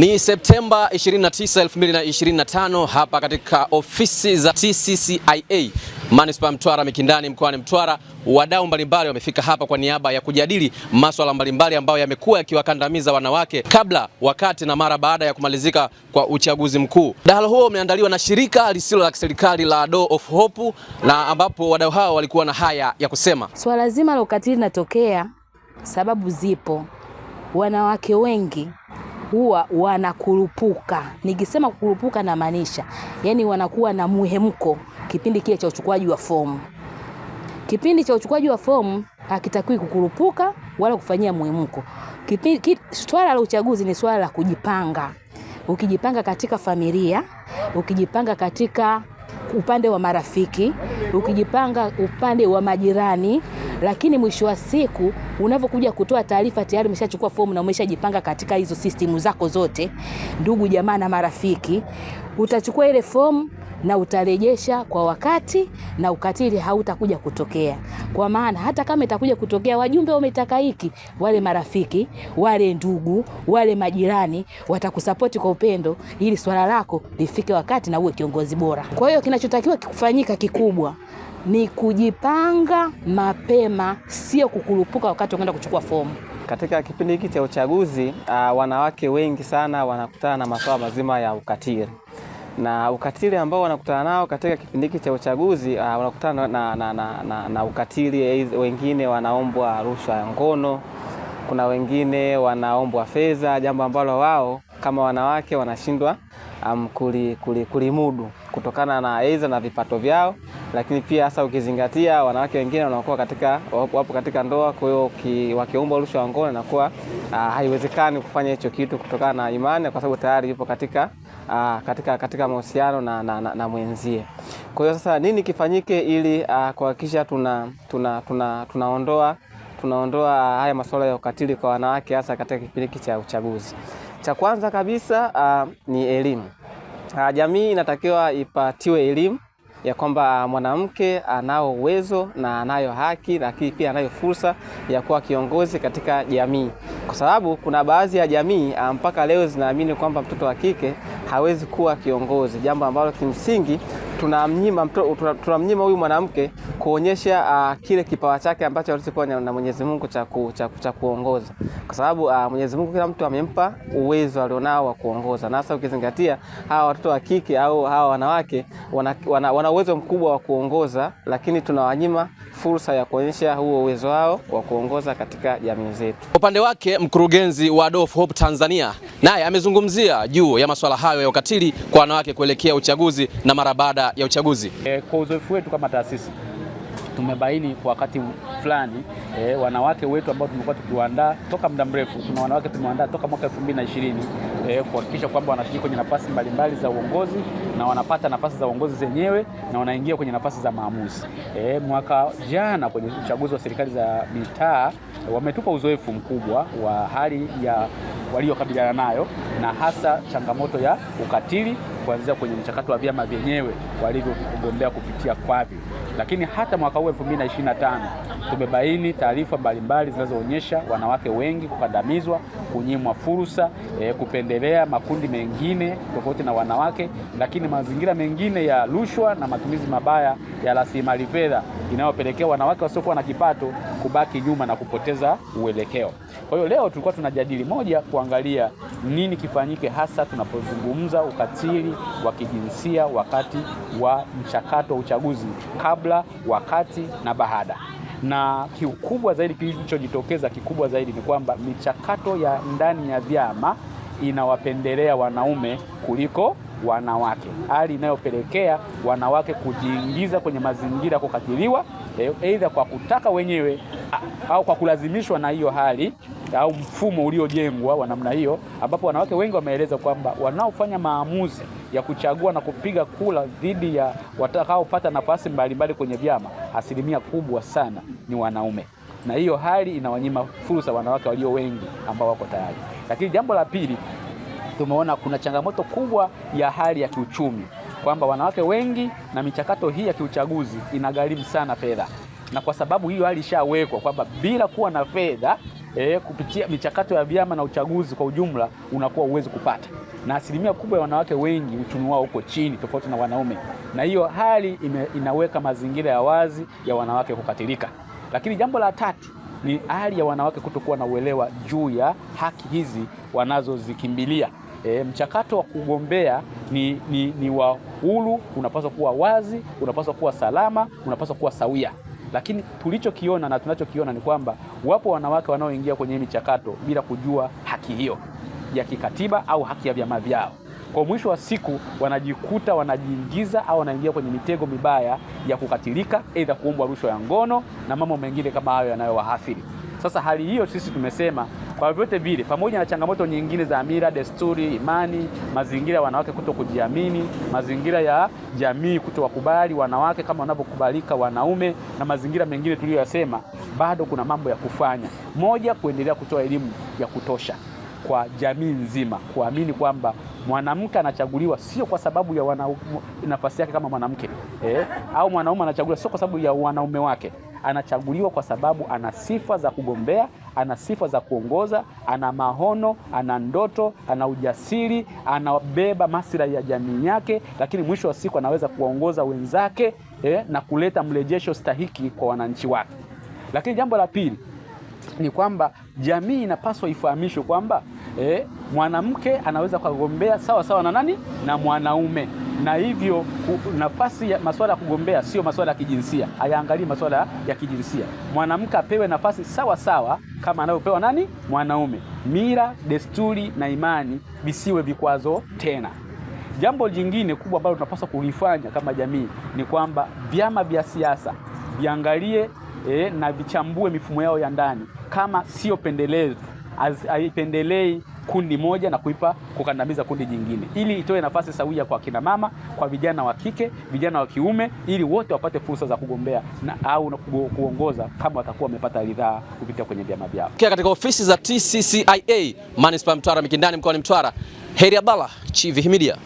Ni Septemba 29, 2025 hapa katika ofisi za TCCIA Manispaa Mtwara Mikindani mkoani Mtwara, wadau mbalimbali wamefika hapa kwa niaba ya kujadili masuala mbalimbali ambayo yamekuwa yakiwakandamiza wanawake kabla, wakati na mara baada ya kumalizika kwa uchaguzi mkuu. Mdahalo huo umeandaliwa na shirika lisilo la kiserikali la Door of Hope, na ambapo wadau hao walikuwa na haya ya kusema. Swala zima la ukatili linatokea, sababu zipo, wanawake wengi huwa wanakurupuka. Nikisema kukurupuka namaanisha yani wanakuwa na muhemko kipindi kile cha uchukuaji wa fomu. Kipindi cha uchukuaji wa fomu hakitakiwi kukurupuka wala kufanyia muhemko. Swala la uchaguzi ni swala la kujipanga. Ukijipanga katika familia, ukijipanga katika upande wa marafiki, ukijipanga upande wa majirani, lakini mwisho wa siku unavyokuja kutoa taarifa tayari umeshachukua fomu na umeshajipanga katika hizo sistimu zako zote, ndugu jamaa na marafiki, utachukua ile fomu na utarejesha kwa wakati na ukatili hautakuja kutokea. Kwa maana hata kama itakuja kutokea, wajumbe wametaka hiki, wale marafiki, wale ndugu, wale majirani watakusapoti kwa upendo, ili swala lako lifike wakati na uwe kiongozi bora. Kwa hiyo kinachotakiwa kufanyika kikubwa ni kujipanga mapema, sio kukurupuka wakati wa kuchukua fomu. Katika kipindi hiki cha uchaguzi uh, wanawake wengi sana wanakutana na masuala mazima ya ukatili na ukatili ambao wanakutana nao katika kipindi hiki cha uchaguzi uh, wanakutana na, na, na, na, na ukatili. Wengine wanaombwa rushwa ya ngono, kuna wengine wanaombwa fedha, jambo ambalo wao kama wanawake wanashindwa um, kulimudu kutokana na aidha na vipato vyao lakini pia hasa ukizingatia wanawake wengine wanakuwa katika, wapo katika ndoa, kwa hiyo wakiumba rushwa wa ngono inakuwa uh, haiwezekani kufanya hicho kitu kutokana na imani, kwa sababu tayari yupo katika, uh, katika, katika mahusiano na, na, na, na mwenzie. Kwa hiyo sasa nini kifanyike ili uh, kuhakikisha tuna, tuna, tuna, tunaondoa tunaondoa haya masuala ya ukatili kwa wanawake hasa katika kipindi cha uchaguzi. Cha kwanza kabisa uh, ni elimu. Uh, jamii inatakiwa ipatiwe elimu ya kwamba mwanamke anao uwezo na anayo haki, lakini pia anayo fursa ya kuwa kiongozi katika jamii, kwa sababu kuna baadhi ya jamii ah, mpaka leo zinaamini kwamba mtoto wa kike hawezi kuwa kiongozi, jambo ambalo kimsingi tunamnyima tunamnyima huyu mwanamke kuonyesha uh, kile kipawa chake ambacho alichopewa na Mwenyezi Mungu cha cha kuongoza, kwa sababu uh, Mwenyezi Mungu kila mtu amempa uwezo alionao wa kuongoza, na hasa ukizingatia hawa watoto wa kike au hawa wanawake wana, wana, wana uwezo mkubwa wa kuongoza, lakini tunawanyima fursa ya kuonyesha huo uwezo wao wa kuongoza katika jamii zetu. Kwa upande wake mkurugenzi wa Door of Hope Tanzania naye amezungumzia juu ya masuala hayo ya ukatili kwa wanawake kuelekea uchaguzi na mara baada ya uchaguzi. E, kwa uzoefu wetu kama taasisi tumebaini kwa wakati fulani e, wanawake wetu ambao tumekuwa tukiwaandaa toka muda mrefu. Kuna wanawake tumewaandaa toka mwaka 2020 e, eh, kuhakikisha kwamba wanashiriki kwenye nafasi mbalimbali za uongozi na wanapata nafasi za uongozi zenyewe na wanaingia kwenye nafasi za maamuzi. E, mwaka jana kwenye uchaguzi wa serikali za mitaa wametupa uzoefu mkubwa wa hali ya waliokabiliana nayo na hasa changamoto ya ukatili kuanzia kwenye mchakato wa vyama vyenyewe walivyogombea kupitia kwavi. Lakini hata mwaka huu 2025 tumebaini taarifa mbalimbali zinazoonyesha wanawake wengi kukandamizwa, kunyimwa fursa, e, kupendelea makundi mengine tofauti na wanawake, lakini mazingira mengine ya rushwa na matumizi mabaya ya rasilimali fedha inayopelekea wanawake wasiokuwa na kipato kubaki nyuma na kupoteza uelekeo. Kwa hiyo leo tulikuwa tunajadili moja, kuangalia nini kifanyike hasa tunapozungumza ukatili wa kijinsia wakati wa mchakato wa uchaguzi, kabla, wakati na baada. Na kikubwa zaidi kilichojitokeza kikubwa zaidi ni kwamba michakato ya ndani ya vyama inawapendelea wanaume kuliko wanawake, hali inayopelekea wanawake kujiingiza kwenye mazingira ya kukatiliwa, aidha eh, kwa kutaka wenyewe ah, au kwa kulazimishwa na hiyo hali au mfumo uliojengwa wa namna hiyo, ambapo wanawake wengi wameeleza kwamba wanaofanya maamuzi ya kuchagua na kupiga kula dhidi ya watakaopata nafasi mbalimbali kwenye vyama, asilimia kubwa sana ni wanaume, na hiyo hali inawanyima fursa wanawake walio wengi ambao wako tayari. Lakini jambo la pili, tumeona kuna changamoto kubwa ya hali ya kiuchumi kwamba wanawake wengi na michakato hii ya kiuchaguzi inagharimu sana fedha, na kwa sababu hiyo hali ishawekwa kwamba bila kuwa na fedha eh, kupitia michakato ya vyama na uchaguzi kwa ujumla unakuwa uwezi kupata, na asilimia kubwa ya wanawake wengi uchumi wao uko chini tofauti na wanaume, na hiyo hali ime, inaweka mazingira ya wazi ya wanawake kukatilika. Lakini jambo la tatu ni hali ya wanawake kutokuwa na uelewa juu ya haki hizi wanazozikimbilia. E, mchakato wa kugombea ni, ni, ni wa huru, unapaswa kuwa wazi, unapaswa kuwa salama, unapaswa kuwa sawia. Lakini tulichokiona na tunachokiona ni kwamba wapo wanawake wanaoingia kwenye michakato bila kujua haki hiyo ya kikatiba au haki ya vyama vyao. Kwa mwisho wa siku wanajikuta wanajiingiza au wanaingia kwenye mitego mibaya ya kukatilika, aidha kuombwa rushwa ya ngono na mambo mengine kama hayo yanayowaathiri. Sasa hali hiyo sisi tumesema kwa vyote vile, pamoja na changamoto nyingine za mila, desturi, imani, mazingira ya wanawake kuto kujiamini, mazingira ya jamii kutowakubali wanawake kama wanavyokubalika wanaume na mazingira mengine tuliyoyasema, bado kuna mambo ya kufanya. Moja, kuendelea kutoa elimu ya kutosha kwa jamii nzima kuamini kwamba mwanamke anachaguliwa sio kwa sababu ya wana nafasi yake kama mwanamke eh, au mwanaume anachaguliwa sio kwa sababu ya wanaume wake anachaguliwa kwa sababu ana sifa za kugombea, ana sifa za kuongoza, ana maono, ana ndoto, ana ujasiri, anabeba maslahi ya jamii yake, lakini mwisho wa siku anaweza kuwaongoza wenzake eh, na kuleta mrejesho stahiki kwa wananchi wake. Lakini jambo la pili ni kwamba jamii inapaswa ifahamishwe kwamba eh, mwanamke anaweza kugombea sawa sawa na nani na mwanaume na hivyo nafasi ya masuala ya kugombea sio masuala ya kijinsia, hayaangalii masuala ya kijinsia. Mwanamke apewe nafasi sawa sawa kama anavyopewa nani mwanaume. Mila, desturi na imani visiwe vikwazo tena. Jambo jingine kubwa ambalo tunapaswa kulifanya kama jamii ni kwamba vyama vya siasa viangalie e, na vichambue mifumo yao ya ndani kama sio pendelevu, haipendelei kundi moja na kuipa kukandamiza kundi jingine, ili itoe nafasi sawia kwa kina mama, kwa vijana wa kike, vijana wa kiume, ili wote wapate fursa za kugombea na au kuongoza kama watakuwa wamepata ridhaa kupitia kwenye vyama vyao. Katika ofisi za TCCIA manispaa Mtwara Mikindani mkoani Mtwara, Heri Abdalla, Chivihi Media.